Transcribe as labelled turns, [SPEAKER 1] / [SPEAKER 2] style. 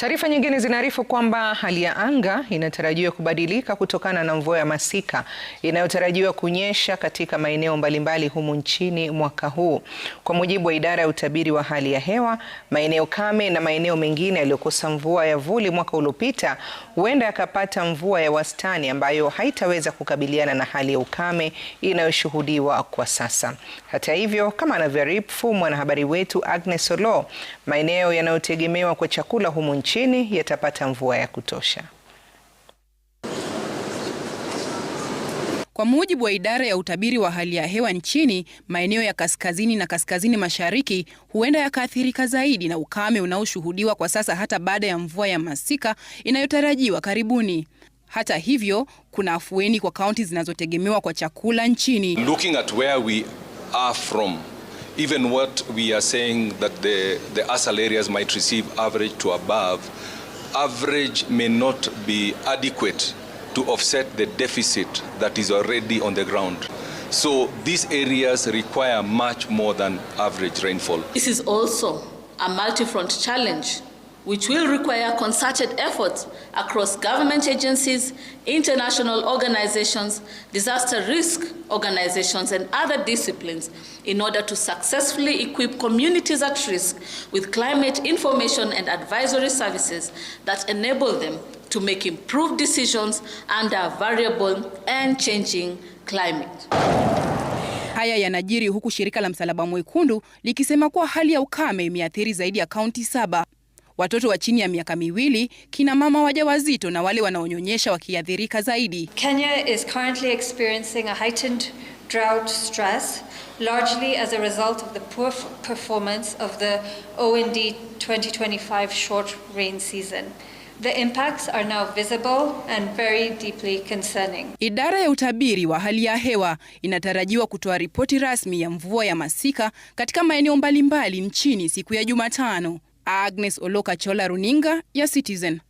[SPEAKER 1] Taarifa nyingine zinaarifu kwamba hali ya anga inatarajiwa kubadilika kutokana na mvua ya masika inayotarajiwa kunyesha katika maeneo mbalimbali humu nchini mwaka huu. Kwa mujibu wa idara ya utabiri wa hali ya hewa, maeneo kame na maeneo mengine yaliyokosa mvua ya vuli mwaka uliopita huenda yakapata mvua ya wastani ambayo haitaweza kukabiliana na hali ya ukame inayoshuhudiwa kwa sasa. Hata hivyo, kama anavyoarifu mwanahabari wetu Agnes Olo, maeneo yanayotegemewa kwa chakula humu nchini chini yatapata mvua ya kutosha.
[SPEAKER 2] Kwa mujibu wa idara ya utabiri wa hali ya hewa nchini, maeneo ya kaskazini na kaskazini mashariki huenda yakaathirika zaidi na ukame unaoshuhudiwa kwa sasa hata baada ya mvua ya masika inayotarajiwa karibuni. Hata hivyo, kuna afueni kwa kaunti zinazotegemewa kwa chakula nchini.
[SPEAKER 3] Looking at where we are from even what we are saying that the, the ASAL areas might receive average to above, average may not be adequate to offset the deficit that is already on the ground. So these areas require much more than average rainfall.
[SPEAKER 4] This is also a multi-front challenge which will require concerted efforts across government agencies, international organizations, disaster risk organizations, and other disciplines in order to successfully equip communities at risk with climate information and advisory services that enable them to make improved decisions under a variable and changing climate.
[SPEAKER 2] Haya yanajiri huku shirika la Msalaba Mwekundu likisema kuwa hali ya ukame imeathiri zaidi ya kaunti saba watoto wa chini ya miaka miwili, kina mama wajawazito na wale wanaonyonyesha wakiathirika zaidi.
[SPEAKER 5] Kenya is currently experiencing a heightened drought stress largely as a result of the poor performance of the OND 2025 short rain season. The impacts are now visible and very deeply concerning.
[SPEAKER 2] Idara ya utabiri wa hali ya hewa inatarajiwa kutoa ripoti rasmi ya mvua ya masika katika maeneo mbalimbali nchini siku ya Jumatano. Agnes Oloka Chola, runinga ya Citizen.